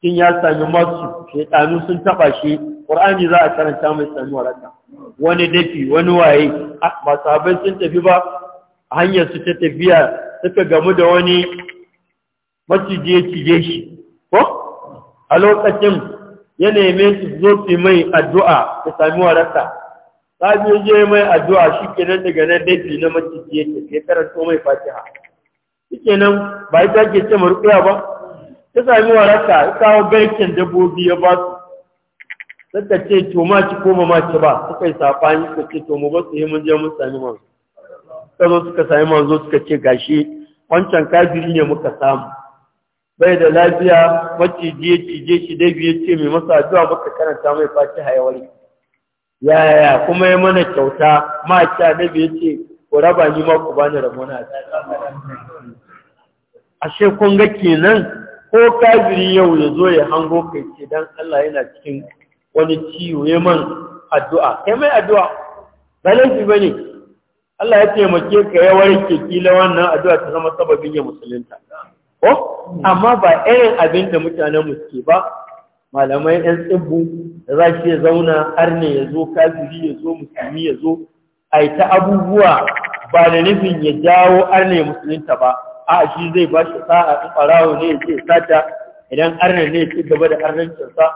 S1: kin ya sami masu shaitanu sun taba shi qur'ani za a karanta mai sami waraka wani dafi wani waye ba sabai sun tafi ba hanyar su ta tafiya suka gamu da wani macije cije shi ko a lokacin yanayi mai su zo su mai addu'a ta sami waraka sabi je mai addu'a shi kenan daga nan dafi na maciji yake sai karanto mai fatiha shi kenan ba ita ke ce marukuya ba ta sami waraka ya kawo garken dabbobi ya ba su suka ce to ma ci ko ma ci ba suka yi safani suka ce to mu ba su yi mun je mun sami manzo suka zo suka sami manzo suka ce gashi wancan kajiri ne muka samu bai da lafiya maciji ya cije shi dai biyu ce mai masa addu'a baka karanta mai fatiha ya warke yaya kuma ya mana kyauta ma kya da ya ce ku raba ni ma ku bani a ashe kun ga kenan ko kafiri yau ya zo ya hango kai ce dan Allah yana cikin wani ciwo ya man addu'a kai mai addu'a ba laifi bane Allah ya taimake ka ya warke kila wannan addu'a ta zama sababin ya musulunta ko amma ba irin abin da mutanen mu ke ba malamai ɗan tsibbu da za shi ya zauna arne ya zo kafiri ya zo musulmi ya zo a yi ta abubuwa ba da nufin ya jawo arne musulunta ba a shi zai ba shi sa'a in ɓarawo ne ya ce sata idan arne ne ya ci gaba da arnancinsa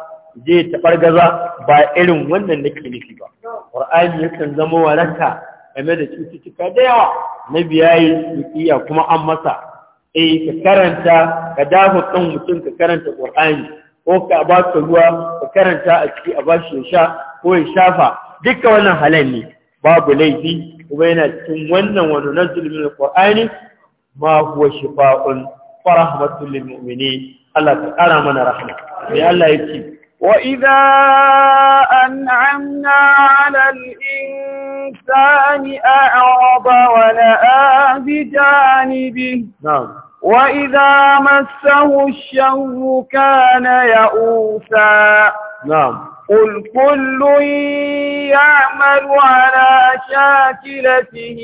S1: zai taɓar gaza ba irin wannan da ke nufi ba ƙwar'ani yakan zama waraka game da cututtuka da yawa na yi iya kuma an masa eh ka karanta ka dafa kan mutum ka karanta ƙwar'ani ko ka ba ka ruwa ka karanta a ciki a bashi ya sha ko ya shafa dukkan wannan halal ne babu laifi kuma yana cikin wannan wani nazul min alqur'ani ma huwa shifaa'un wa rahmatul lil mu'minin Allah ta kara mana rahma sai Allah yake
S2: وإذا أنعمنا على الإنسان أعرض ونأى بجانبه نعم وإذا مسه الشر كان يئوسا نعم قل كل يعمل على شاكلته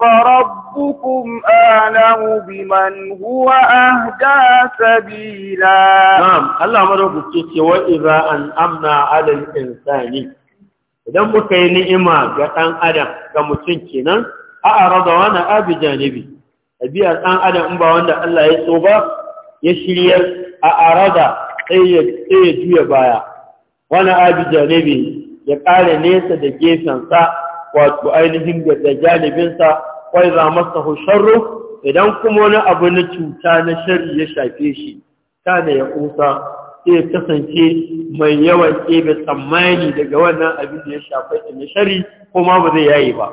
S2: فربكم أعلم بمن هو أهدى سبيلا نعم
S1: الله مرحبا تشيك وإذا أنأمنا على الإنسان idan muka yi ni'ima ga ɗan adam ga mutum kenan a arada wani abu janibi ɗabi'ar ɗan adam in ba wanda Allah ya so ba ya shirya a arada sai ya juya baya wani abi janibi ya ƙara nesa da gefen sa, wato ainihin da janibinsa kwai za masa husharru idan kuma wani abu na cuta na shari ya shafe shi da ya kusa sai kasance mai yawan ƙebe tsammani daga wannan abin da ya shafe shi na shari kuma ba zai yayi ba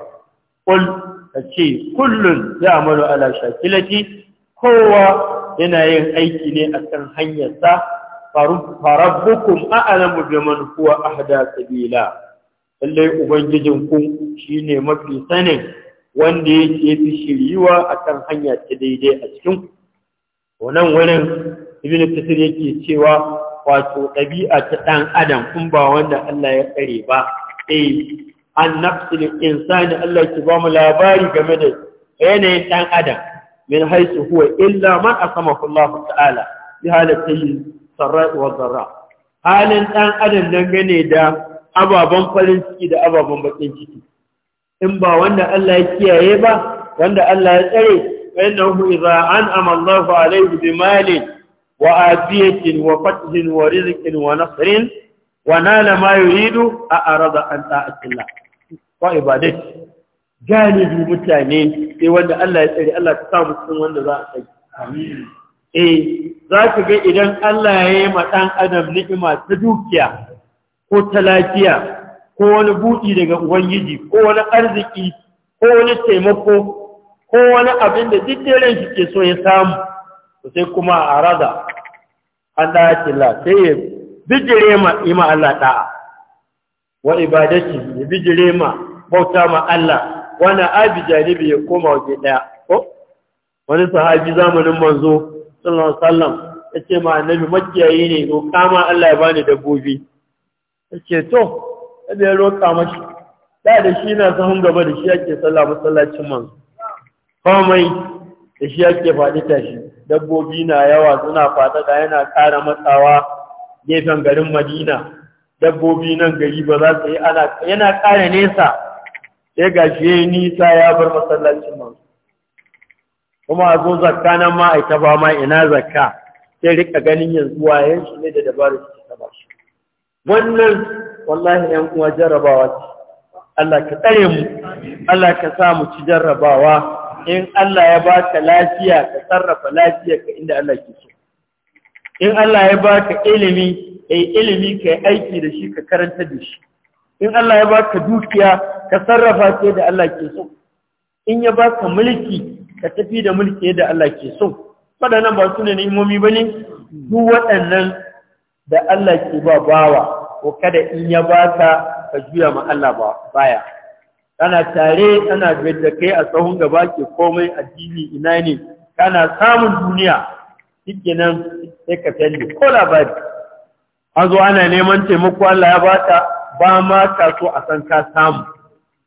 S1: ka ce kullun ya amalu ala shakilati kowa yana yin aiki ne a kan hanyarsa farabbukum a'lamu biman huwa ahda sabila lallai ubangijin ku shine mafi sanin wanda yake fi shiriwa akan hanya ta daidai a cikin wannan wurin ibnu kasir yake cewa wato ɗabi'a ta ɗan adam kun ba wanda Allah ya kare ba eh an nafsil insani Allah ki ba mu labari game da yanayin ɗan adam min haisu huwa illa man asamahu Allah ta'ala bi halatin sarra wa zarra halin ɗan adam dangane da ababen farin ciki da ababen bakin ciki in ba wanda Allah ya kiyaye ba wanda Allah ya tsare innahu idza an'ama Allahu alayhi bi malin wa afiyatin wa fathin wa rizqin wa nasrin wa nala ma yuridu a arada an ta'atillah wa ibadat galibi mutane sai wanda Allah ya tsare Allah ta samu cikin wanda za a Amin. eh za ka ga idan Allah ya yi ma ɗan adam ni'ima ta dukiya ko ta lafiya ko wani buɗi daga ubangiji ko wani arziki ko wani taimako ko wani abin da duk da ran shi ke so ya samu to sai kuma a arada Allah ya tilla sai ya bijire ma ima Allah da'a wa ibadati ya bijire ma bauta ma Allah wani abi janibi ya koma waje daya? ko wani sahabi zamanin manzo sallallahu alaihi wasallam yace ma annabi makiyayi ne roƙa ma Allah ya bani dabbobi yace to sai ya roƙa mashi da da shi na sahun gaba da shi yake sallah masallacin manzo komai da shi yake faɗi tashi dabbobi na yawa suna da yana ƙara matsawa gefen garin Madina dabbobi nan gari ba za su yi ana yana ƙara nesa sai ga shi ya yi nisa ya bar masallacin manzo kuma a zo zakka nan ma aita ba ma ina zakka sai rika ganin yanzu wayen shi ne da dabaru su ta ba shi wannan wallahi yan uwa jarrabawa ce Allah ka tsare mu Allah ka sa mu ci jarrabawa in Allah ya ba ka lafiya ka sarrafa ka inda Allah ke so in Allah ya baka ilimi kai ilimi kai aiki da shi ka karanta da shi in Allah ya baka dukiya ka sarrafa ta da Allah ke so in ya baka mulki ka tafi da mulki da Allah ke so waɗannan ba su ne bane duk waɗannan da Allah ke ba bawa ko kada in ya baka ka juya ma Allah ba baya kana tare kana da kai a tsawon gaba ke komai addini ina ne kana samun duniya nan sai ka talle ko labari azu ana neman taimako Allah ya baka ba ma ka so a san ka samu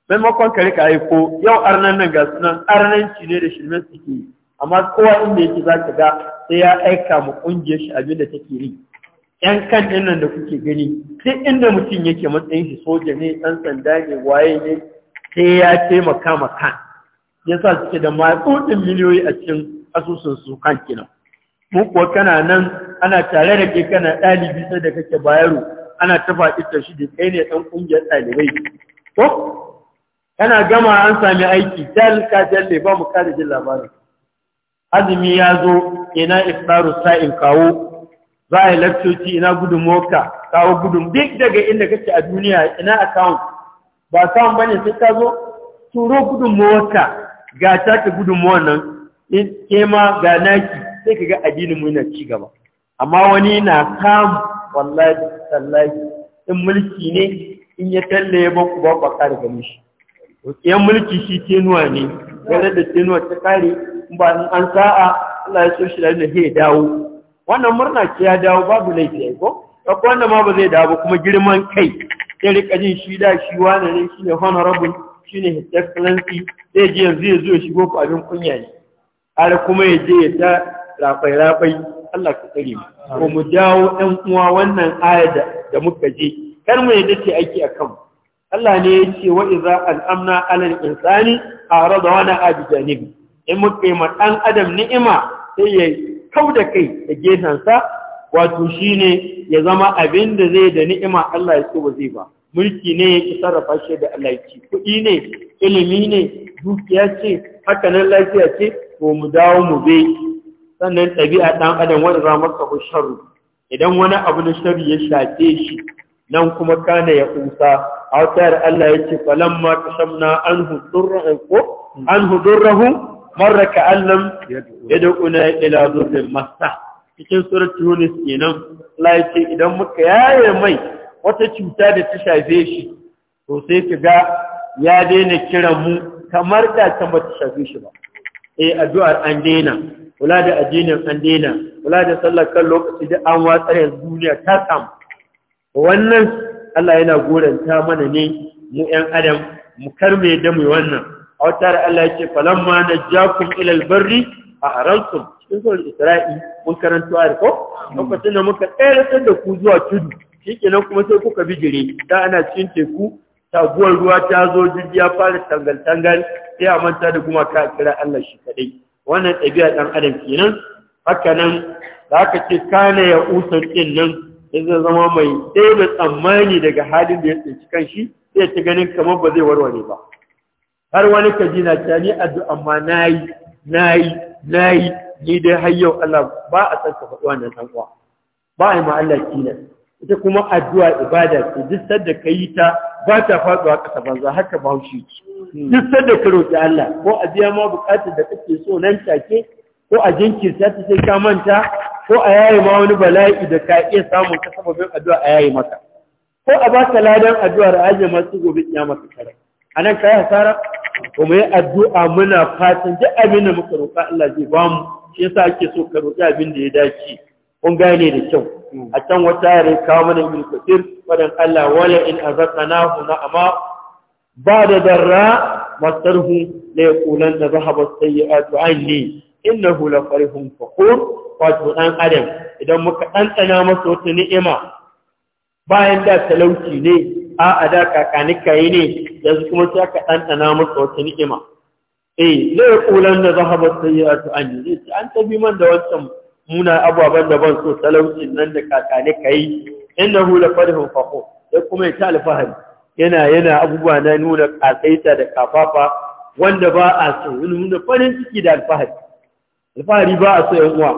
S1: maimakon ka rika aiko yau arnan nan ga sunan arnanci ne da shirme suke amma kowa inda yake za ka ga sai ya aika mu kungiyar shi abin da take yi yan kan din nan da kuke gani duk inda mutum yake matsayin shi soja ne dan sanda ne waye ne sai ya taimaka ma kan yasa suke da matsudin miliyoyi a cikin asusun su kan kenan mu kuwa kana nan ana tare da ke kana ɗalibi sai da kake bayaro ana ta faɗi ta shi kai ne ɗan ƙungiyar ɗalibai To, kana gama an sami aiki dal jalle ba mu kada jin labarin azumi ya zo ina iftaru sa'in kawo za a yi lakcoci ina gudun mota, kawo gudun duk daga inda kake a duniya ina account ba ba bane sai ka zo turo gudun mota, ga ta ka gudun nan in ma ga naki sai ka ga addinin mu yana ci gaba amma wani na kam wallahi tallahi in mulki ne in ya talle ya baku ba ba kare gani shi yan mulki shi tenuwa ne gare da tenuwa ta kare ba in an sa'a Allah ya so shi da ya dawo wannan murna ce ya dawo babu laifi ya ko akwai wanda ma ba zai dawo kuma girman kai sai rika jin shi da shi wane ne shine honorable shine excellency zai je yanzu ya zo ya shigo ku abin kunya ne har kuma ya je ya ta rafai rafai Allah ka tsare mu ko mu dawo ɗan uwa wannan ayar da muka je kar mu yadda ce aiki a kan Allah ne ya ce wa iza al'amna alal insani a rada wani abu janibi in muka yi ma ɗan adam ni'ima sai ya kau da kai da gefensa wato shi ne ya zama abin da zai da ni'ima Allah ya so ba zai ba mulki ne ya ki sarrafa shi da Allah ya ci kuɗi ne ilimi ne dukiya ce haka nan lafiya ce ko mu dawo mu bai sannan ɗabi'a ɗan adam wani ramar sahu sharu idan wani abu na sharu ya shafe shi nan kuma kana ya kusa a wata Allah ya ce falan ma ta shamna an hudurrahu ko an marra ka ya dauna ila zurfin masa cikin surat tunis kenan Allah ya ce idan muka yaye mai wata cuta da ta shafe shi to sai ka ga ya daina kiran mu kamar da ta bata shafe shi ba eh addu'ar an dena kula da addinin an dena kula da sallar kan lokaci da an watsar duniya ta samu wannan Allah yana goranta mana ne mu ƴan adam mu karme da mu wannan a wata da Allah yake falamma najjakum ila albarri ahramtum cikin sura Isra'i mun karanto a ko lokacin da muka tsayar da ku zuwa tudu shikenan kuma sai kuka bijire da ana cikin teku taguwar ruwa ta zo jirgi ya fara tangal tangal sai a manta da kuma ka kira Allah shi kadai wannan ɗabi'a ɗan adam kenan haka nan da aka ce kana ya usar ɗin nan ya zama mai ɗaya tsammani daga halin da ya tsinci shi sai ta ganin kamar ba zai warware ba har wani kaji na ta ni addu'a ma nayi nayi nayi ni dai har yau Allah ba a san ka faɗi wannan dan uwa ba ai ma Allah kilan ita kuma addu'a ibada ce duk sanda ka yi ta ba ta faɗuwa ƙasa banza haka ba shi ce Hmm. duk sanda ka roƙi Allah ko a biya ma buƙatar da kake so nan take ko a jinkirta ta sai ka manta ko a yayi ma wani bala'i da ka iya samun ta sababin addu'a a yayi maka ko a ba ka ladan addu'ar aje su gobe kiyama ka kare anan kai hasara ko mu addu'a muna fatan duk abin da muka roƙa Allah zai ba mu shi yasa ake so ka roƙi abin da ya dace kun gane da kyau hmm. a can wata yare kawo mana ibn kafir wadan Allah wala in azaqnahu na'ama بعد ذراء مصدره ليقولن ذهب السيئات عني إنه wato ɗan adam idan muka ɗanɗana masa wata ni'ima bayan da talauci ne a a da kakanika yi ne yanzu kuma sai aka ɗanɗana masa wata ni'ima eh zai kulan da wancan muna ababen da ban so talaucin nan da kakanika yi innahu la farihun faqo sai kuma ya ta alfahari yana yana abubuwa na nuna ƙasaita da kafafa wanda ba a so nuna farin ciki da alfahari alfahari ba a so yan uwa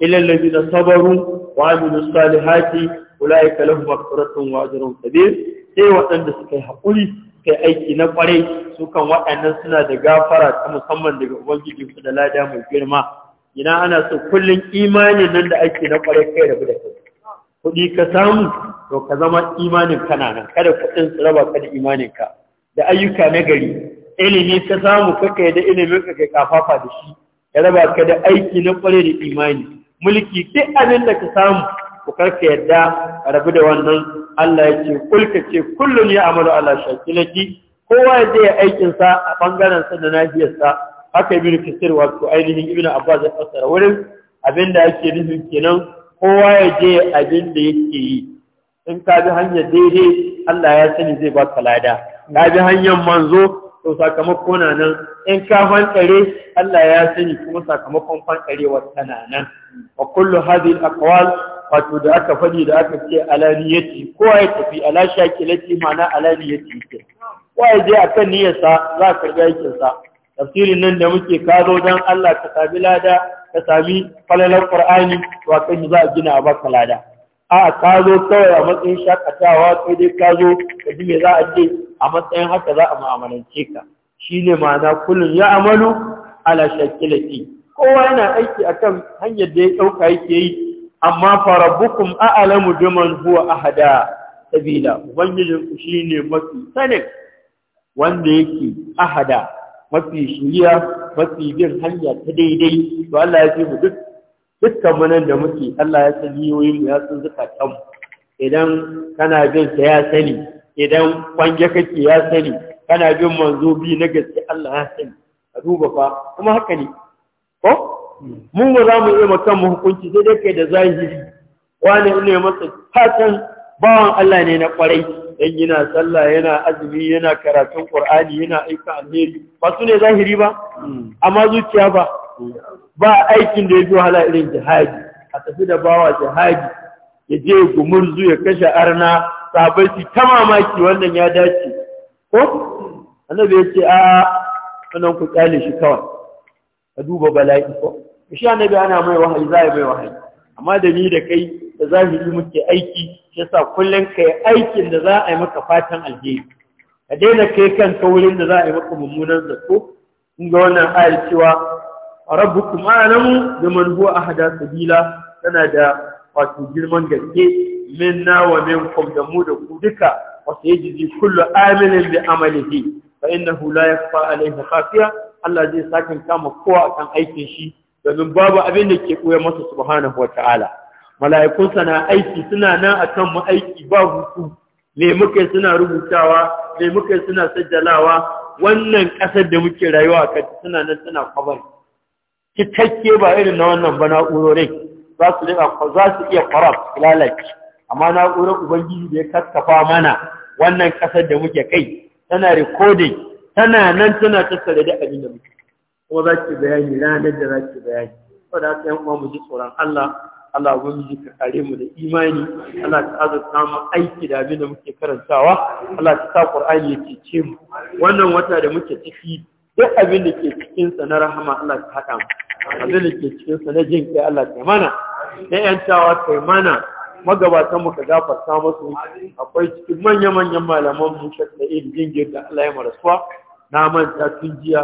S1: lafi na sabaru wa Sani kula ulaika lahum maghfiratun wa ajrun sabi sai waɗanda suka yi haƙuri suka yi aiki na ƙwarai su kan waɗannan suna da gafara ta musamman daga ubangiji da lada mai girma ina ana so kullum imanin nan da ake na ƙwarai kai rabu da kai kuɗi ka samu to ka zama imanin kana nan kada kuɗin su raba ka da imanin ka da ayyuka na gari ilimi ka samu kaka da ilimin ka kai kafafa da shi ya raba ka da aiki na kware da imani mulki duk abin da ka samu ku karka yadda a rabu da wannan Allah ya ce kulka ce kullun ya amalu ala shakilati kowa ya je aikin sa a bangaren sa da nafiyar sa haka ibnu kasir wato ainihin ibnu abbas ya fassara wurin abinda yake nufin kenan kowa ya je abin da yake yi in ka bi hanyar daidai Allah ya sani zai baka lada ka bi hanyar manzo to sakamako na nan in ka fantsare Allah ya sani kuma sakamakon fantsarewar tana nan wa kullu hadhihi al-aqwal wato da aka faɗi da aka ce alaniyati ko ya tafi ala shakilati ma'ana alaniyati ke
S2: ko ya je akan
S1: niyyarsa za ka ga yakin sa tafsirin nan da muke kazo dan Allah ka sami lada ka sami falalar Qur'ani to akan za a gina a baka lada a ka zo kawai a matsayin shakatawa sai dai ka zo ka ji me za a ce a matsayin haka za a mu'amalance ka Shi ne ma'ana kullum ya amalu ala shakilati kowa yana aiki akan hanyar da ya ɗauka yake yi amma a a'lamu zuwa huwa ahada sabila ubangijin ku ne mafi sanin wanda yake ahada mafi shiriya mafi bin hanya ta daidai to Allah ya ce mu duk dukkan manan da muke Allah ya san niyoyin ya san zukatan idan kana bin sa ya sani idan kwanje kake ya sani kana bin manzo bi na gaske Allah ya sani a duba fa kuma haka ne ko Mun ba za mu yi makan mu hukunci sai dai kai da zahiri wani ne masa fatan bawan Allah ne na kwarai dan yana sallah yana azumi yana karatun Qur'ani yana aika alheri ba su ne zahiri ba hmm. amma zuciya ba ba aikin da ya zo wahala irin jihadi a tafi da bawa jihadi ya je gumurzu ya kashe arna sabai ta mamaki wannan ya dace ko annabi ya ce a wannan ku kyale shi kawai ka duba bala'i ko shi annabi ana mai wahayi za a mai wahayi amma da ni da kai da zahiri muke aiki shi yasa kullum kai aikin da za a yi maka fatan alheri ka daina kai kan taurin da za a yi maka mummunan zato kun ga wannan ayar cewa rabbukum a'lamu da man huwa ahda sabila tana da wato girman gaske na wa kum da mu da ku duka yaji ji kullu amilin bi amalihi fa innahu la yakfa alayhi khafiya Allah zai sakin kama kowa akan aikin shi domin babu abin da ke koya masa subhanahu wa ta'ala mala'ikunsa na aiki suna nan akan mu aiki ba hutu me muke suna rubutawa me muke suna sajjalawa wannan kasar da muke rayuwa a suna nan suna kwabari cikakke ba irin na wannan ba na'urorin za su rika za su iya kwarar lalace amma na'urar ubangiji da ya kaskafa mana wannan kasar da muke kai tana rikodin, tana nan tana tattare da abin da muke kuma za ki bayani ranar da za ki bayani da haka yan uwa mu ji tsoron Allah Allah ji ka kare mu da imani Allah ta azurta mu aiki da abin da muke karantawa Allah ta sa Qur'ani ya cece mu wannan wata da muke ciki duk abin da ke cikin sa na rahama Allah ta haɗa mu abin ke cikin sa na jin kai Allah kai mana na yantawa kai mana magabatan mu ka gafarta musu akwai cikin manya manyan malaman mu da irin jingir da Allah ya marasuwa na manta tun jiya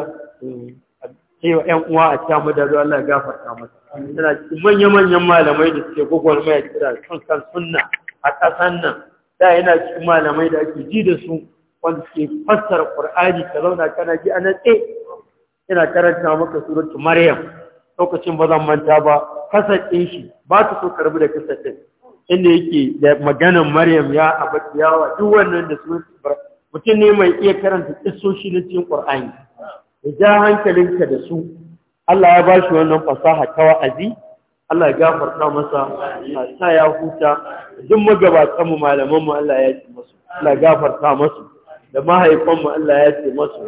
S1: cewa um, ‘yan uwa a sha madaru Allah ya gafarta masa. Yana cikin manya-manyan malamai da suke gugwar mai kira kan kan sunna a ƙasan nan. Da yana cikin malamai da ake ji da su wanda suke fassara Qur'ani ka zauna kana ji a natse. Yana karanta maka suratu Maryam. lokacin ba zan manta ba kasar ɗin shi ba ta so karbi da kasar ɗin inda yake da maganan maryam ya abadiyawa duk wannan da su mutum ne mai iya karanta isoshi na cikin qur'ani da ja hankalinka da su Allah ya ba shi wannan fasaha ta wa'azi Allah ya gafarta masa ya sa ya huta duk magabatan mu malaman mu Allah ya ce masu Allah ya gafarta masu da mahaifan mu Allah ya ce masu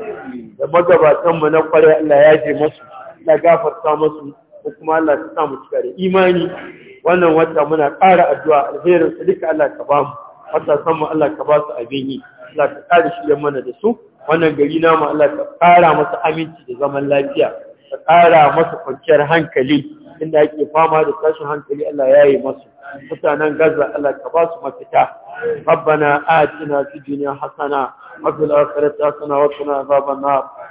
S1: da magabatan mu na kware Allah ya ce masu ya gafarta musu ko kuma Allah ya sa mu cika da imani wannan wata muna ƙara addu'a alherin su duka Allah ka ba mu wata san Allah ka ba su abin yi Allah ka ƙara shi mana da su wannan gari mu Allah ka ƙara masa aminci da zaman lafiya ka ƙara masa kwanciyar hankali inda ake fama da tashin hankali Allah ya yi masu mutanen Gaza Allah ka ba su mafita ربنا آتنا في الدنيا حسنة وفي الآخرة حسنة وقنا عذاب النار